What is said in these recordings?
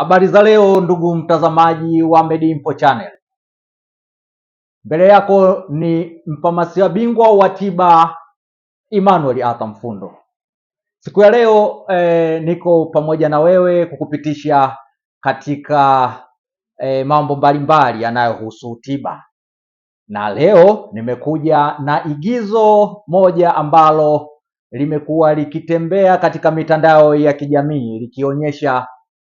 Habari za leo ndugu mtazamaji wa Medimpo Channel. Mbele yako ni mfamasia bingwa wa tiba Emmanuel Arthur Mfundo. Siku ya leo eh, niko pamoja na wewe kukupitisha katika eh, mambo mbalimbali yanayohusu tiba. Na leo nimekuja na igizo moja ambalo limekuwa likitembea katika mitandao ya kijamii likionyesha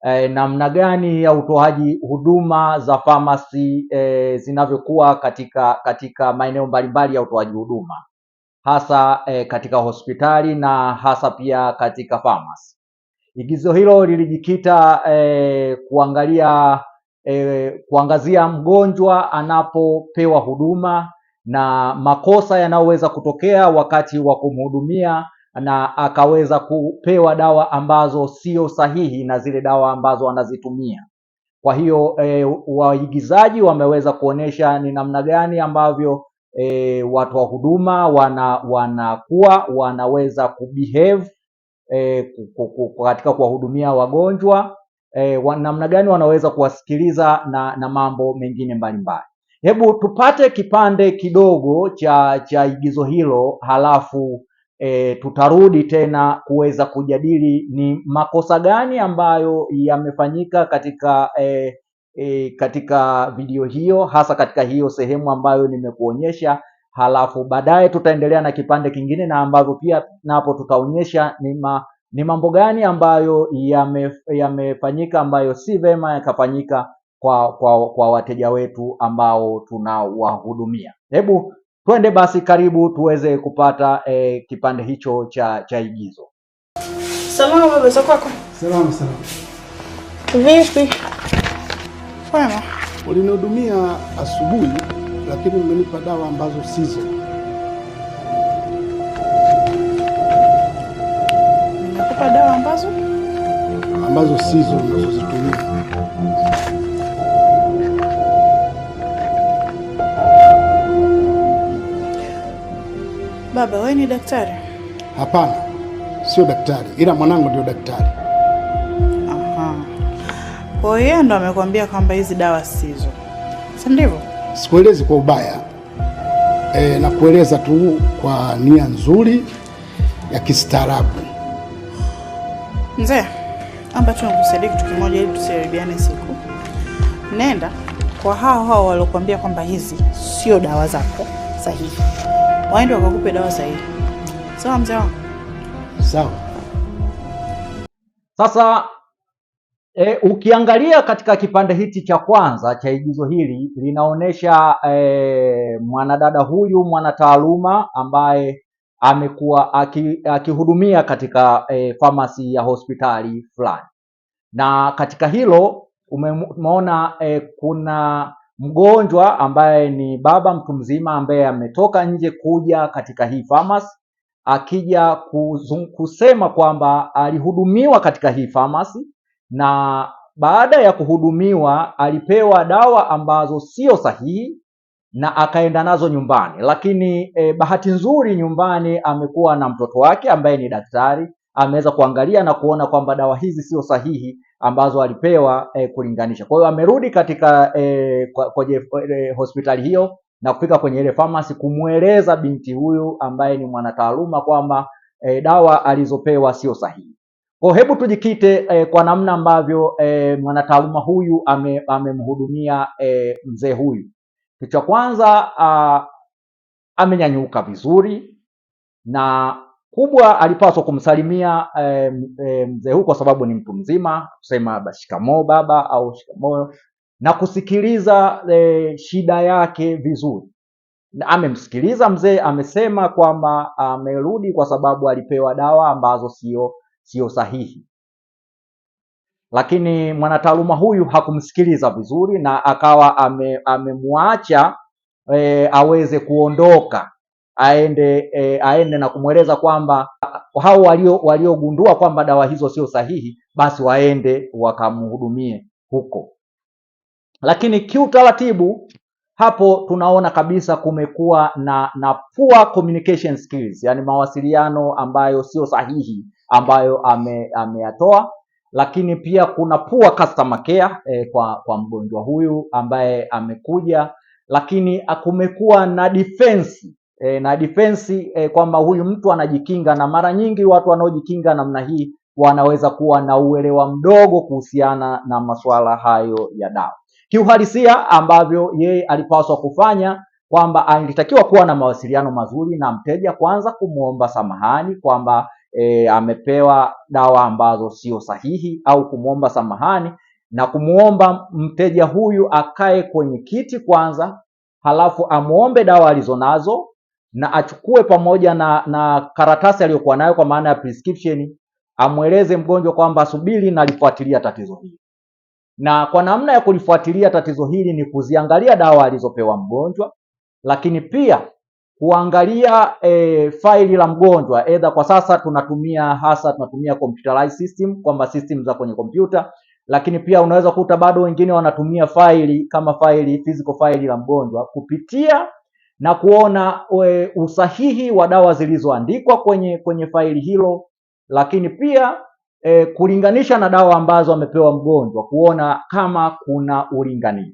eh, namna gani ya utoaji huduma za famasi eh, zinavyokuwa katika katika maeneo mbalimbali ya utoaji huduma hasa eh, katika hospitali na hasa pia katika famasi. Igizo hilo lilijikita eh, kuangalia eh, kuangazia mgonjwa anapopewa huduma na makosa yanayoweza kutokea wakati wa kumhudumia na akaweza kupewa dawa ambazo sio sahihi na zile dawa ambazo anazitumia. Kwa hiyo e, waigizaji wameweza kuonesha ni namna gani ambavyo e, watu wa huduma wana wanakuwa wanaweza kubehave e, katika kuwahudumia wagonjwa e, namna gani wanaweza kuwasikiliza na, na mambo mengine mbalimbali. Hebu tupate kipande kidogo cha cha igizo hilo halafu e, tutarudi tena kuweza kujadili ni makosa gani ambayo yamefanyika katika e, e, katika video hiyo, hasa katika hiyo sehemu ambayo nimekuonyesha. Halafu baadaye tutaendelea na kipande kingine na ambavyo pia napo tutaonyesha ni ma, ni mambo gani ambayo yamefanyika ya ambayo si vema yakafanyika kwa, kwa, kwa wateja wetu ambao tunawahudumia. Hebu Twende basi, karibu tuweze kupata eh, kipande hicho cha cha igizo. Salama baba, za kwako? Salama salama. Vipi? Poa. Ulinihudumia asubuhi, lakini umenipa dawa ambazo sizo. Nimekupa dawa ambazo ambazo sizo unazozitumia. Baba, wewe ni daktari? Hapana, sio daktari, ila mwanangu ndio daktari. Aha. Kwa hiyo ndo amekwambia kwamba hizi dawa sizo, si ndivyo? Sikuelezi kwa ubaya e, nakueleza tu kwa nia nzuri ya kistaarabu. Mzee, ambacho nikusaidie kitu kimoja ili tusiharibiane siku. Nenda kwa hao hao waliokuambia kwamba hizi sio dawa zako sahihi waende wakakupe dawa sahihi. Sawa mzee wangu? Sawa. Sasa e, ukiangalia katika kipande hiki cha kwanza cha igizo hili linaonyesha e, mwanadada huyu mwanataaluma ambaye amekuwa akihudumia aki katika e, famasi ya hospitali fulani, na katika hilo umeona e, kuna Mgonjwa ambaye ni baba mtu mzima ambaye ametoka nje kuja katika hii pharmacy, akija kuzung, kusema kwamba alihudumiwa katika hii pharmacy na baada ya kuhudumiwa alipewa dawa ambazo sio sahihi na akaenda nazo nyumbani, lakini e, bahati nzuri nyumbani amekuwa na mtoto wake ambaye ni daktari, ameweza kuangalia na kuona kwamba dawa hizi sio sahihi ambazo alipewa eh, kulinganisha. Kwa hiyo amerudi katika e, kwenye eh, hospitali hiyo na kufika kwenye ile pharmacy kumweleza binti huyu ambaye ni mwanataaluma kwamba eh, dawa alizopewa sio sahihi. Kwa hebu tujikite eh, kwa namna ambavyo eh, mwanataaluma huyu amemhudumia ame eh, mzee huyu. Kitu cha kwanza ah, amenyanyuka vizuri na kubwa alipaswa kumsalimia eh, eh, mzee huu kwa sababu ni mtu mzima, kusema shikamoo baba au shikamoo na kusikiliza e, shida yake vizuri. Amemsikiliza mzee, amesema kwamba amerudi kwa sababu alipewa dawa ambazo sio sio sahihi, lakini mwanataaluma huyu hakumsikiliza vizuri na akawa amemwacha ame e, aweze kuondoka aende e, aende na kumweleza kwamba hao waliogundua kwamba dawa hizo sio sahihi, basi waende wakamhudumie huko. Lakini kiutaratibu hapo tunaona kabisa kumekuwa na, na poor communication skills, yani mawasiliano ambayo sio sahihi ambayo ameyatoa lakini pia kuna poor customer care e, kwa kwa mgonjwa huyu ambaye amekuja, lakini kumekuwa na defense e, na defense e, kwamba huyu mtu anajikinga, na mara nyingi watu wanaojikinga namna hii wanaweza kuwa na uelewa mdogo kuhusiana na masuala hayo ya dawa. Kiuhalisia ambavyo yeye alipaswa kufanya kwamba alitakiwa kuwa na mawasiliano mazuri na mteja, kwanza kumwomba samahani kwamba e, amepewa dawa ambazo sio sahihi au kumwomba samahani na kumwomba mteja huyu akae kwenye kiti kwanza, halafu amwombe dawa alizonazo na achukue pamoja na, na karatasi aliyokuwa nayo kwa maana ya prescription, amweleze mgonjwa kwamba subiri nalifuatilia tatizo hili, na kwa namna ya kulifuatilia tatizo hili ni kuziangalia dawa alizopewa mgonjwa, lakini pia kuangalia e, faili la mgonjwa. Edha, kwa sasa tunatumia hasa tunatumia computerized system, kwamba system za kwenye kompyuta, lakini pia unaweza kuta bado wengine wanatumia faili kama faili physical faili la mgonjwa kupitia na kuona we, usahihi wa dawa zilizoandikwa kwenye kwenye faili hilo, lakini pia e, kulinganisha na dawa ambazo amepewa mgonjwa kuona kama kuna ulinganifu.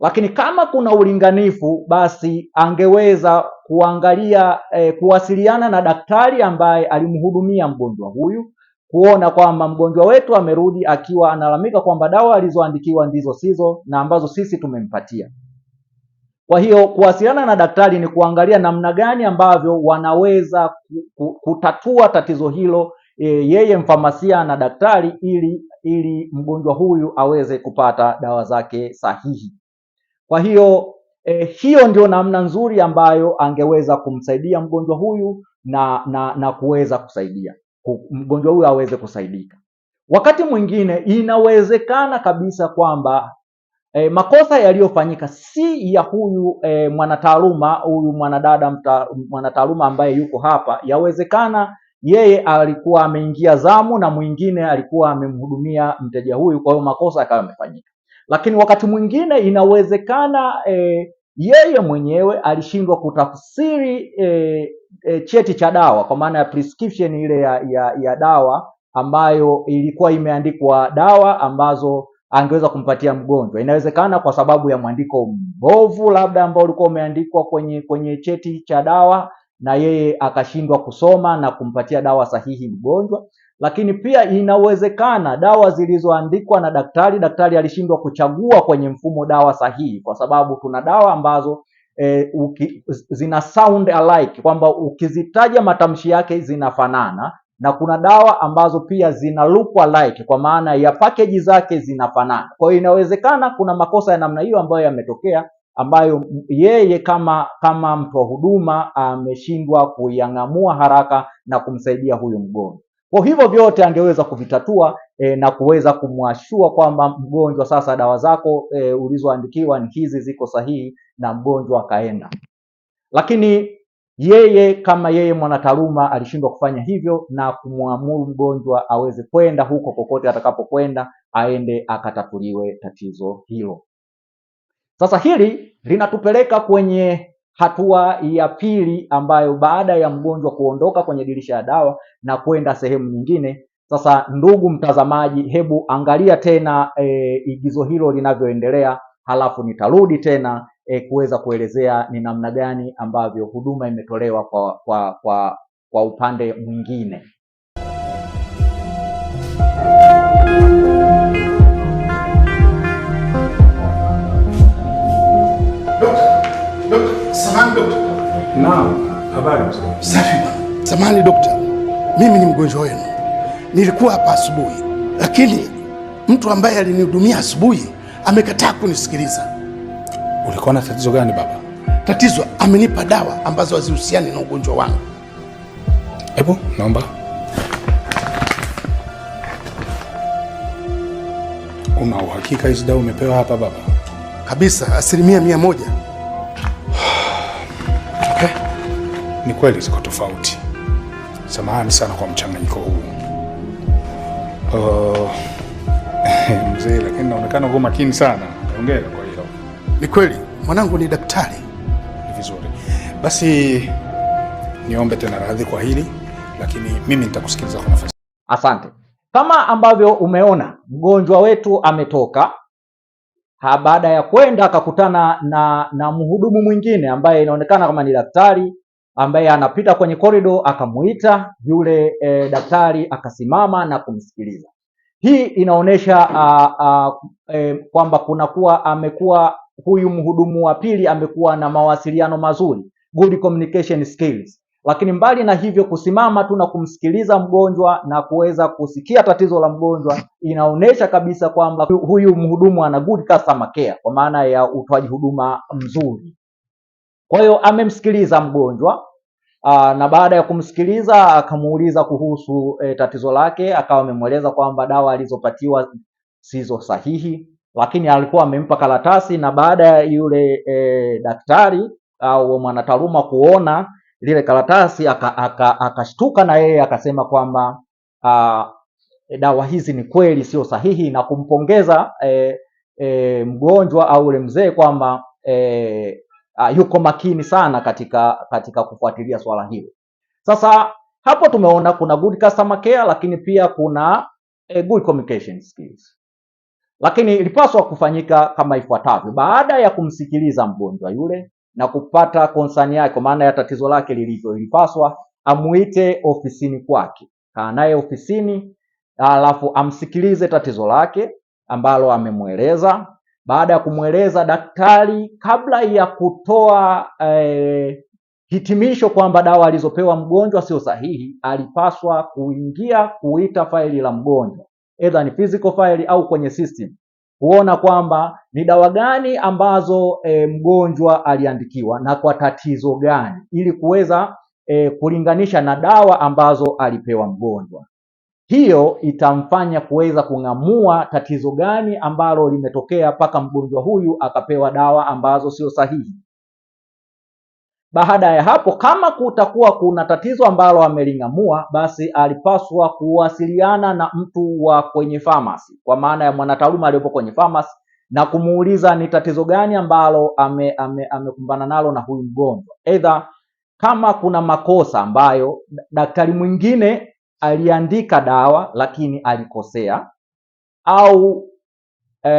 Lakini kama kuna ulinganifu, basi angeweza kuangalia e, kuwasiliana na daktari ambaye alimhudumia mgonjwa huyu kuona kwamba mgonjwa wetu amerudi akiwa analamika kwamba dawa alizoandikiwa ndizo sizo na ambazo sisi tumempatia. Kwa hiyo kuwasiliana na daktari ni kuangalia namna gani ambavyo wanaweza kutatua tatizo hilo e, yeye mfamasia na daktari, ili ili mgonjwa huyu aweze kupata dawa zake sahihi. Kwa hiyo e, hiyo ndio namna nzuri ambayo angeweza kumsaidia mgonjwa huyu na na, na kuweza kusaidia mgonjwa huyu aweze kusaidika. Wakati mwingine inawezekana kabisa kwamba E, makosa yaliyofanyika si ya huyu e, mwanataaluma huyu mwanadada mwanataaluma ambaye yuko hapa. Yawezekana yeye alikuwa ameingia zamu na mwingine alikuwa amemhudumia mteja huyu, kwa hiyo makosa yakawa yamefanyika. Lakini wakati mwingine inawezekana e, yeye mwenyewe alishindwa kutafsiri e, e, cheti cha dawa kwa maana ya prescription ile ya, ya, ya dawa ambayo ilikuwa imeandikwa dawa ambazo angeweza kumpatia mgonjwa. Inawezekana kwa sababu ya mwandiko mbovu labda ambao ulikuwa umeandikwa kwenye kwenye cheti cha dawa na yeye akashindwa kusoma na kumpatia dawa sahihi mgonjwa. Lakini pia inawezekana dawa zilizoandikwa na daktari, daktari alishindwa kuchagua kwenye mfumo dawa sahihi, kwa sababu tuna dawa ambazo e, uki, zina sound alike kwamba ukizitaja matamshi yake zinafanana na kuna dawa ambazo pia zina look alike kwa maana ya package zake zinafanana. Kwa hiyo inawezekana kuna makosa ya namna hiyo ambayo yametokea, ambayo yeye kama kama mtoa huduma ameshindwa kuyang'amua haraka na kumsaidia huyu mgonjwa. Kwa hivyo vyote angeweza kuvitatua e, na kuweza kumwashua kwamba mgonjwa, sasa dawa zako e, ulizoandikiwa ni hizi, ziko sahihi, na mgonjwa akaenda, lakini yeye kama yeye mwanataaluma alishindwa kufanya hivyo na kumwamuru mgonjwa aweze kwenda huko kokote atakapokwenda, aende akatatuliwe tatizo hilo. Sasa hili linatupeleka kwenye hatua ya pili ambayo baada ya mgonjwa kuondoka kwenye dirisha ya dawa na kwenda sehemu nyingine. Sasa ndugu mtazamaji, hebu angalia tena e, igizo hilo linavyoendelea halafu nitarudi tena e, kuweza kuelezea ni namna gani ambavyo huduma imetolewa kwa, kwa, kwa, kwa upande mwingine. Samahani dokta, mimi ni mgonjwa wenu, nilikuwa hapa asubuhi, lakini mtu ambaye alinihudumia asubuhi amekataa kunisikiliza. Ulikuwa na tatizo gani baba? Tatizo, amenipa dawa ambazo hazihusiani na ugonjwa wangu. Hebu naomba Una uhakika hizi dawa umepewa hapa baba? Kabisa, asilimia mia moja. Okay. Ni kweli ziko tofauti. Samahani sana kwa mchanganyiko huu. Uh... mzee, lakini naonekana uko makini sana. Hongera kwa hilo. Ni kweli mwanangu ni daktari. Ni vizuri basi, niombe tena radhi kwa hili, lakini mimi nitakusikiliza kwa nafasi. Asante. Kama ambavyo umeona mgonjwa wetu ametoka baada ya kwenda akakutana na, na mhudumu mwingine ambaye inaonekana kama ni daktari ambaye anapita kwenye korido, akamuita yule e, daktari akasimama na kumsikiliza. Hii inaonyesha uh, ah, uh, ah, eh, kwamba kunakuwa amekuwa huyu mhudumu wa pili amekuwa na mawasiliano mazuri, good communication skills. Lakini mbali na hivyo, kusimama tu na kumsikiliza mgonjwa na kuweza kusikia tatizo la mgonjwa inaonyesha kabisa kwamba huyu mhudumu ana good customer care, kwa maana ya utoaji huduma mzuri. Kwa hiyo amemsikiliza mgonjwa Aa, ah, na baada ya kumsikiliza akamuuliza kuhusu e, tatizo lake, akawa amemweleza kwamba dawa alizopatiwa sizo sahihi, lakini alikuwa amempa karatasi, na baada ya yule e, daktari au mwanataaluma kuona lile karatasi akashtuka, aka, aka na yeye akasema kwamba e, dawa hizi ni kweli sio sahihi, na kumpongeza e, e, mgonjwa au yule mzee kwamba e, uh, yuko makini sana katika katika kufuatilia swala hilo. Sasa hapo tumeona kuna good customer care, lakini pia kuna uh, good communication skills. Lakini ilipaswa kufanyika kama ifuatavyo: baada ya kumsikiliza mgonjwa yule na kupata concern yake, maana ya tatizo lake lilivyo, ilipaswa amuite ofisini kwake, kaa naye ofisini, alafu amsikilize tatizo lake ambalo amemweleza baada ya kumweleza daktari kabla ya kutoa eh, hitimisho kwamba dawa alizopewa mgonjwa sio sahihi, alipaswa kuingia kuita faili la mgonjwa, either ni physical file au kwenye system kuona kwamba ni dawa gani ambazo e, mgonjwa aliandikiwa na kwa tatizo gani, ili kuweza e, kulinganisha na dawa ambazo alipewa mgonjwa. Hiyo itamfanya kuweza kung'amua tatizo gani ambalo limetokea mpaka mgonjwa huyu akapewa dawa ambazo sio sahihi. Baada ya hapo, kama kutakuwa kuna tatizo ambalo ameling'amua, basi alipaswa kuwasiliana na mtu wa kwenye famasi, kwa maana ya mwanataaluma aliyopo kwenye famasi na kumuuliza ni tatizo gani ambalo amekumbana ame, ame nalo na huyu mgonjwa. Aidha, kama kuna makosa ambayo daktari mwingine aliandika dawa lakini alikosea, au e,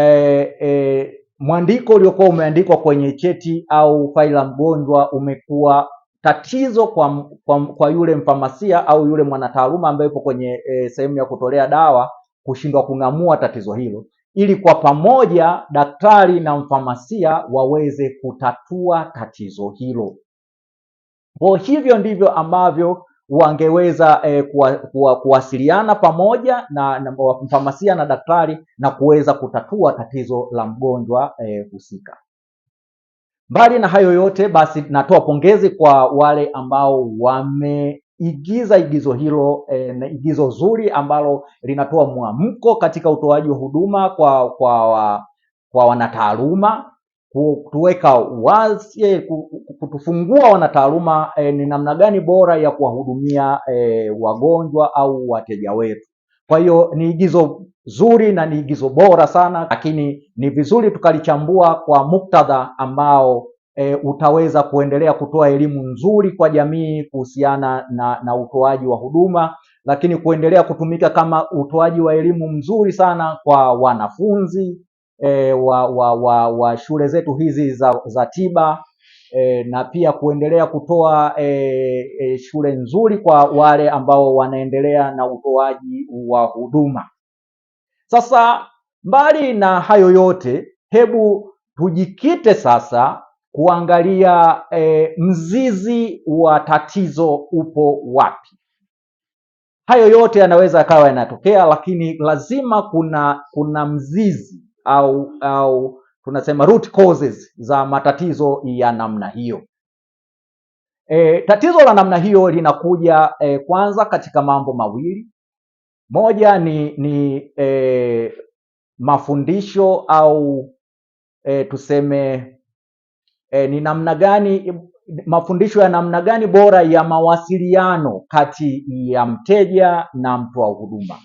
e, mwandiko uliokuwa umeandikwa kwenye cheti au faili la mgonjwa umekuwa tatizo kwa, kwa, kwa yule mfamasia au yule mwanataaluma ambaye yupo kwenye e, sehemu ya kutolea dawa kushindwa kung'amua tatizo hilo, ili kwa pamoja daktari na mfamasia waweze kutatua tatizo hilo. Kwa hivyo ndivyo ambavyo wangeweza eh, kuwasiliana pamoja na, na mfamasia na daktari na kuweza kutatua tatizo la mgonjwa eh, husika. Mbali na hayo yote basi, natoa pongezi kwa wale ambao wameigiza igizo hilo e, na igizo zuri ambalo linatoa mwamko katika utoaji wa huduma kwa kwa, kwa wanataaluma kutuweka wazi, eh, kutufungua wanataaluma eh, ni namna gani bora ya kuwahudumia eh, wagonjwa au wateja wetu. Kwa hiyo ni igizo zuri na ni igizo bora sana, lakini ni vizuri tukalichambua kwa muktadha ambao E, utaweza kuendelea kutoa elimu nzuri kwa jamii kuhusiana na, na utoaji wa huduma, lakini kuendelea kutumika kama utoaji wa elimu mzuri sana kwa wanafunzi e, wa, wa, wa, wa shule zetu hizi za, za tiba e, na pia kuendelea kutoa e, e, shule nzuri kwa wale ambao wanaendelea na utoaji wa huduma. Sasa mbali na hayo yote, hebu tujikite sasa kuangalia e, mzizi wa tatizo upo wapi. Hayo yote yanaweza yakawa yanatokea, lakini lazima kuna kuna mzizi au au tunasema root causes za matatizo ya namna hiyo. E, tatizo la namna hiyo linakuja e, kwanza katika mambo mawili. Moja ni ni e, mafundisho au e, tuseme e, ni namna gani mafundisho ya namna gani bora ya mawasiliano kati ya mteja na mtoa huduma.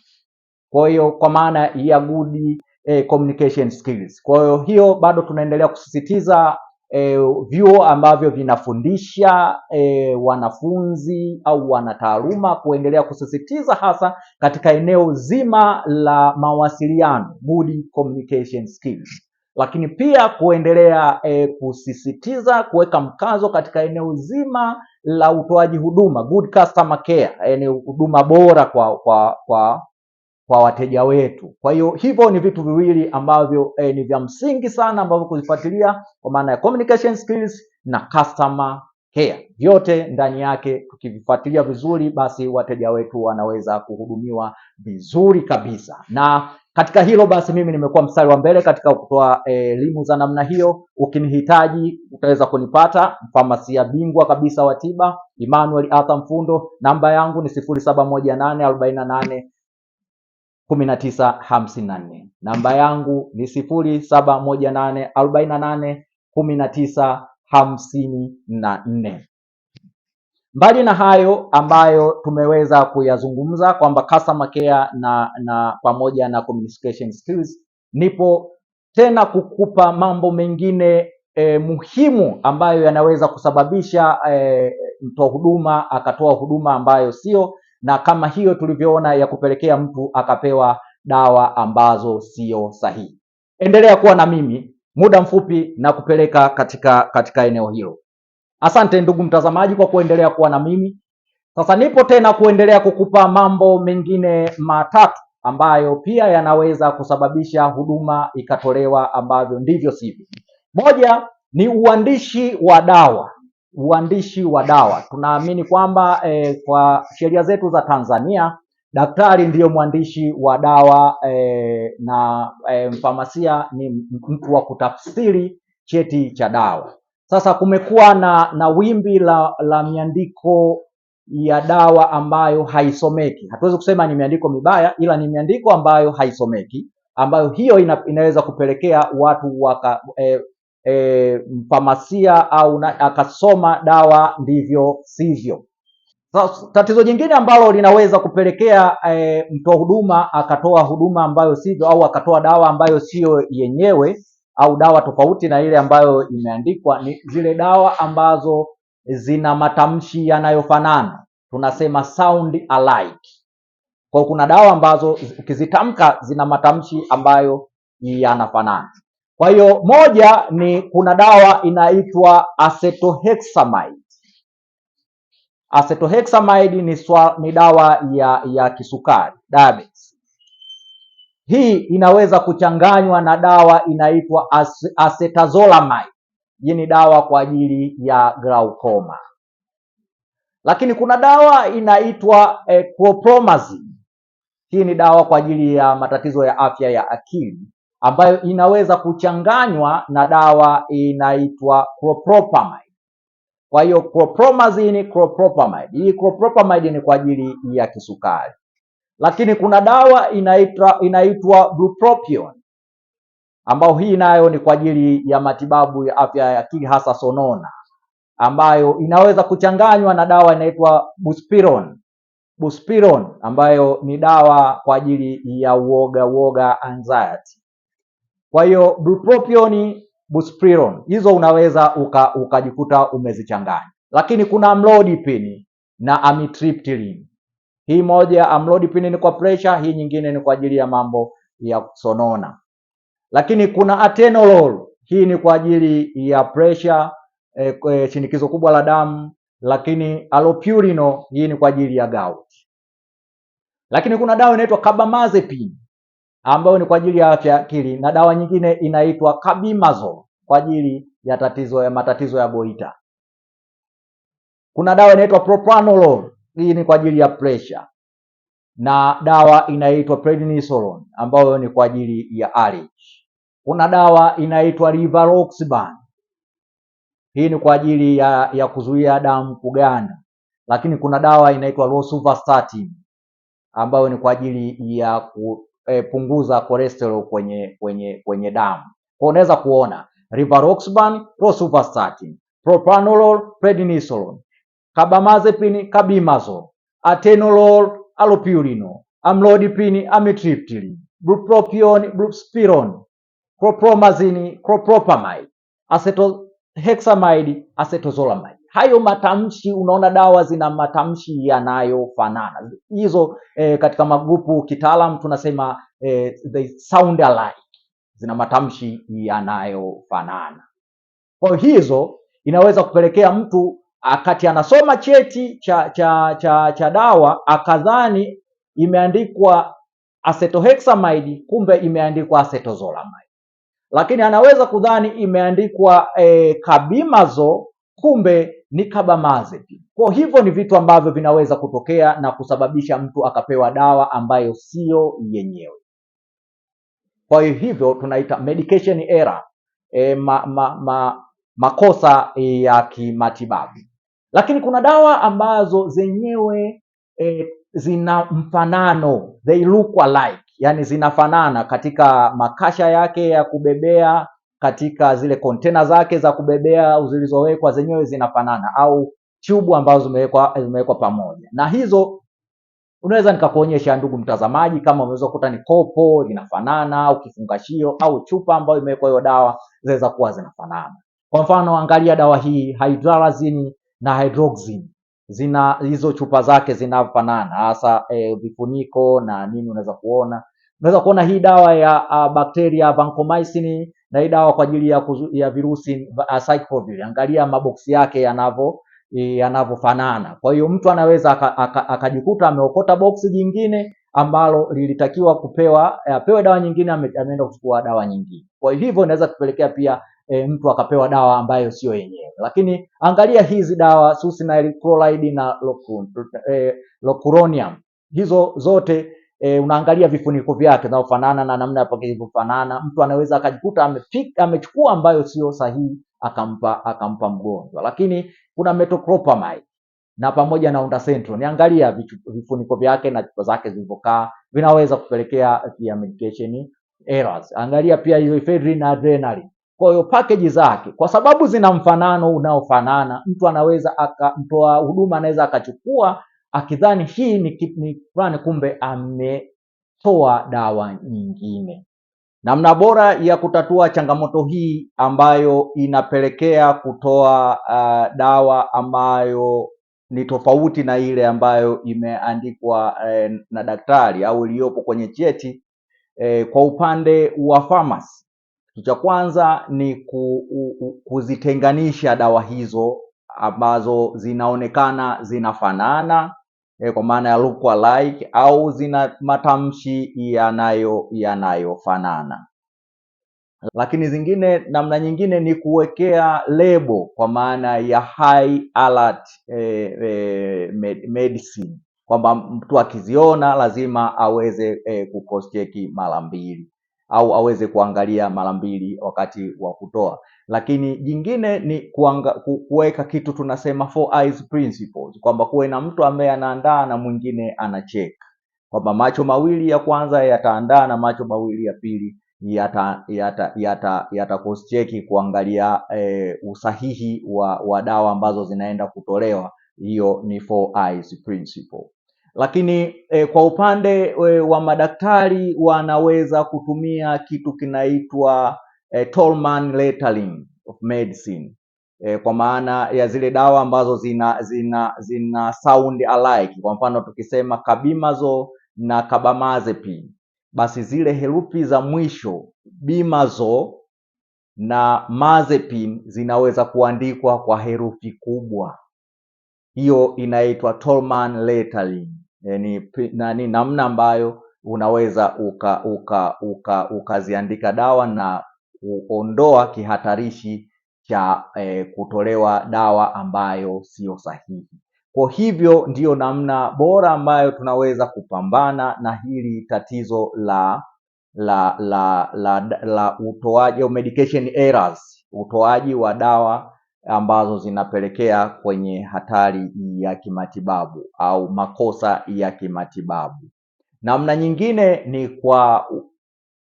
Kwa hiyo kwa maana ya good e, communication skills. Kwa hiyo hiyo bado tunaendelea kusisitiza e, vyuo ambavyo vinafundisha e, wanafunzi au wanataaluma kuendelea kusisitiza hasa katika eneo zima la mawasiliano, good communication skills lakini pia kuendelea e, kusisitiza kuweka mkazo katika eneo zima la utoaji huduma good customer care, yani huduma bora kwa kwa kwa kwa wateja wetu. Kwa hiyo hivyo ni vitu viwili ambavyo eh, ni vya msingi sana ambavyo kuzifuatilia kwa maana ya communication skills na customer care. Vyote ndani yake tukivifuatilia vizuri, basi wateja wetu wanaweza kuhudumiwa vizuri kabisa. Na katika hilo basi, mimi nimekuwa mstari wa mbele katika kutoa eh, elimu eh, za namna hiyo. Ukinihitaji utaweza kunipata, mfamasia bingwa kabisa wa tiba Emmanuel Arthur Mfundo. Namba yangu ni sifuri saba moja nane arobaini na nane 1954. Namba yangu ni 0718481954. Mbali na hayo ambayo tumeweza kuyazungumza kwamba customer care na na pamoja na communication skills, nipo tena kukupa mambo mengine e, muhimu ambayo yanaweza kusababisha e, mtoa huduma akatoa huduma ambayo sio na kama hiyo tulivyoona ya kupelekea mtu akapewa dawa ambazo sio sahihi. Endelea kuwa na mimi muda mfupi na kupeleka katika katika eneo hilo. Asante ndugu mtazamaji kwa kuendelea kuwa na mimi. Sasa nipo tena kuendelea kukupa mambo mengine matatu ambayo pia yanaweza kusababisha huduma ikatolewa ambavyo ndivyo sivyo. Moja ni uandishi wa dawa uandishi wa dawa. Tunaamini kwamba e, kwa sheria zetu za Tanzania daktari ndiyo mwandishi wa dawa e, na e, mfamasia ni mtu wa kutafsiri cheti cha dawa. Sasa kumekuwa na, na wimbi la, la miandiko ya dawa ambayo haisomeki. Hatuwezi kusema ni miandiko mibaya, ila ni miandiko ambayo haisomeki, ambayo hiyo ina, inaweza kupelekea watu waka, e, e, mfamasia au na, akasoma dawa ndivyo sivyo. tatizo jingine ambalo linaweza kupelekea e, mtoa huduma akatoa huduma ambayo sivyo au akatoa dawa ambayo siyo yenyewe au dawa tofauti na ile ambayo imeandikwa ni zile dawa ambazo zina matamshi yanayofanana, tunasema sound alike. Kwa kuna dawa ambazo ukizitamka zina matamshi ambayo yanafanana. Kwa hiyo moja ni kuna dawa inaitwa acetohexamide. Acetohexamide ni, swa, ni dawa ya ya kisukari diabetes. Hii inaweza kuchanganywa na dawa inaitwa acetazolamide. Hii ni dawa kwa ajili ya glaucoma. Lakini kuna dawa inaitwa eh, clopromazine. Hii ni dawa kwa ajili ya matatizo ya afya ya akili ambayo inaweza kuchanganywa na dawa inaitwa clopropamide. Kwa hiyo clopromazine, clopropamide. Hii clopropamide ni kwa ajili ya kisukari, lakini kuna dawa inaitwa inaitwa bupropion ambayo hii nayo ni kwa ajili ya matibabu ya afya ya akili hasa sonona, ambayo inaweza kuchanganywa na dawa inaitwa buspiron buspiron, ambayo ni dawa kwa ajili ya uoga uoga anxiety. Kwa hiyo bupropion, buspirone hizo unaweza uka, ukajikuta umezichanganya, lakini kuna amlodipine na amitriptyline. Hii moja ya amlodipine ni kwa pressure, hii nyingine ni kwa ajili ya mambo ya kusonona. Lakini kuna atenolol, hii ni kwa ajili ya pressure e, e, shinikizo kubwa la damu. Lakini allopurinol, hii ni kwa ajili ya gout. Lakini kuna dawa inaitwa carbamazepine ambayo ni kwa ajili ya afya akili, na dawa nyingine inaitwa Carbimazole kwa ajili ya tatizo ya matatizo ya goita. Kuna dawa inaitwa propranolol, hii ni kwa ajili ya pressure, na dawa inaitwa prednisolone ambayo ni kwa ajili ya allergy. Kuna dawa inaitwa rivaroxaban, hii ni kwa ajili ya, ya kuzuia damu kuganda, lakini kuna dawa inaitwa rosuvastatin ambayo ni kwa ajili ya ku e, punguza cholesterol kwenye kwenye kwenye damu. Kwa unaweza kuona rivaroxaban, rosuvastatin, propranolol, prednisolone, carbamazepine, carbimazole, atenolol, allopurinol, amlodipine, amitriptyline, bupropion, bupropion, chlorpromazine, chlorpropamide, acetohexamide, acetazolamide hayo matamshi, unaona dawa zina matamshi yanayofanana hizo. eh, katika magrupu kitaalam tunasema eh, they sound alike, zina matamshi yanayofanana. Kwa hizo inaweza kupelekea mtu akati anasoma cheti cha cha cha, cha dawa akadhani imeandikwa acetohexamide kumbe imeandikwa acetazolamide lakini anaweza kudhani imeandikwa eh, kabimazo kumbe ni Kwa hivyo ni vitu ambavyo vinaweza kutokea na kusababisha mtu akapewa dawa ambayo siyo yenyewe. Kwa hivyo tunaita medication error, e, ma, ma, ma, makosa ya kimatibabu. Lakini kuna dawa ambazo zenyewe e, zina mfanano, they look alike, yani zinafanana katika makasha yake ya kubebea katika zile kontena zake za kubebea zilizowekwa zenyewe zinafanana, au tube ambazo zimewekwa zimewekwa pamoja, na hizo unaweza nikakuonyesha ndugu mtazamaji, kama unaweza kukuta ni kopo linafanana au kifungashio au chupa ambayo imewekwa hiyo dawa zinaweza kuwa zinafanana. Kwa mfano, angalia dawa hii hydralazine na hydroxine zina hizo chupa zake zinafanana hasa e, vifuniko na nini. Unaweza kuona unaweza kuona hii dawa ya a, ah, bakteria vancomycin na hii dawa kwa ajili ya, ya virusi Cyclovir, angalia maboksi yake yanavyo eh, yanavyofanana. Kwa hiyo mtu anaweza akajikuta aka, aka ameokota boksi jingine ambalo lilitakiwa kupewa apewe dawa nyingine, ameenda kuchukua dawa nyingine. Kwa hivyo inaweza kupelekea pia e, mtu akapewa dawa ambayo sio yenyewe. Lakini angalia hizi dawa succinylchloride na eh, locuronium, hizo zote e, unaangalia vifuniko vyake vinavyofanana na namna hapo kilivyofanana, Mtu anaweza akajikuta amefika amechukua ambayo sio sahihi akampa akampa mgonjwa, lakini kuna metoclopramide na pamoja na ondansetron, niangalia vifuniko vyake na chupa zake zilivyokaa, vinaweza kupelekea pia medication errors. Angalia pia hiyo ephedrine na adrenaline. Kwa hiyo package zake, kwa sababu zina mfanano unaofanana, mtu anaweza akamtoa huduma anaweza akachukua akidhani hii ni, ni fulani, kumbe ametoa dawa nyingine. Namna bora ya kutatua changamoto hii ambayo inapelekea kutoa uh, dawa ambayo ni tofauti na ile ambayo imeandikwa eh, na daktari au iliyopo kwenye cheti eh, kwa upande wa famasi, kitu cha kwanza ni ku, u, kuzitenganisha dawa hizo ambazo zinaonekana zinafanana e, kwa maana ya look alike au zina matamshi yanayo yanayofanana. Lakini zingine, namna nyingine ni kuwekea lebo kwa maana ya high alert e, e, medicine kwamba mtu akiziona lazima aweze e, kukoscheki mara mbili au aweze kuangalia mara mbili wakati wa kutoa. Lakini jingine ni kuanga, kuweka kitu tunasema four eyes principles, kwamba kuwe na mtu ambaye anaandaa na mwingine anacheka, kwamba macho mawili ya kwanza yataandaa na macho mawili ya pili yata yata yata yatakoscheki kuangalia e, usahihi wa, wa dawa ambazo zinaenda kutolewa. Hiyo ni four eyes principle. Lakini e, kwa upande e, wa madaktari wanaweza kutumia kitu kinaitwa eh, Tolman lettering of medicine eh, kwa maana ya zile dawa ambazo zina zina zina sound alike. Kwa mfano tukisema kabimazo na kabamazepine, basi zile herufi za mwisho bimazo na mazepine zinaweza kuandikwa kwa herufi kubwa. Hiyo inaitwa Tolman lettering. yani eh, nani namna ambayo unaweza uka uka uka ukaziandika dawa na kuondoa kihatarishi cha e, kutolewa dawa ambayo siyo sahihi. Kwa hivyo ndiyo namna bora ambayo tunaweza kupambana na hili tatizo la la la la, la utoaji au medication errors, utoaji wa dawa ambazo zinapelekea kwenye hatari ya kimatibabu au makosa ya kimatibabu. Namna nyingine ni kwa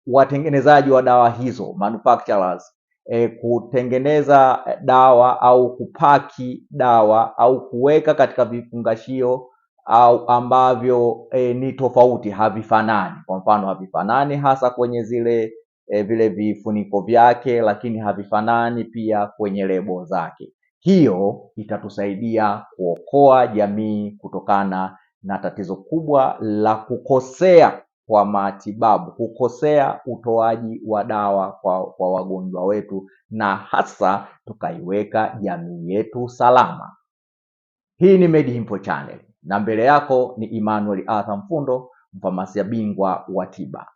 watengenezaji wa dawa hizo manufacturers, e, kutengeneza dawa au kupaki dawa au kuweka katika vifungashio au ambavyo e, ni tofauti, havifanani. Kwa mfano, havifanani hasa kwenye zile e, vile vifuniko vyake, lakini havifanani pia kwenye lebo zake. Hiyo itatusaidia kuokoa jamii kutokana na tatizo kubwa la kukosea kwa matibabu, kukosea utoaji wa dawa kwa, kwa wagonjwa wetu na hasa tukaiweka jamii yetu salama. Hii ni MedInfo Channel na mbele yako ni Emmanuel Arthur Mfundo, mfamasia bingwa wa tiba.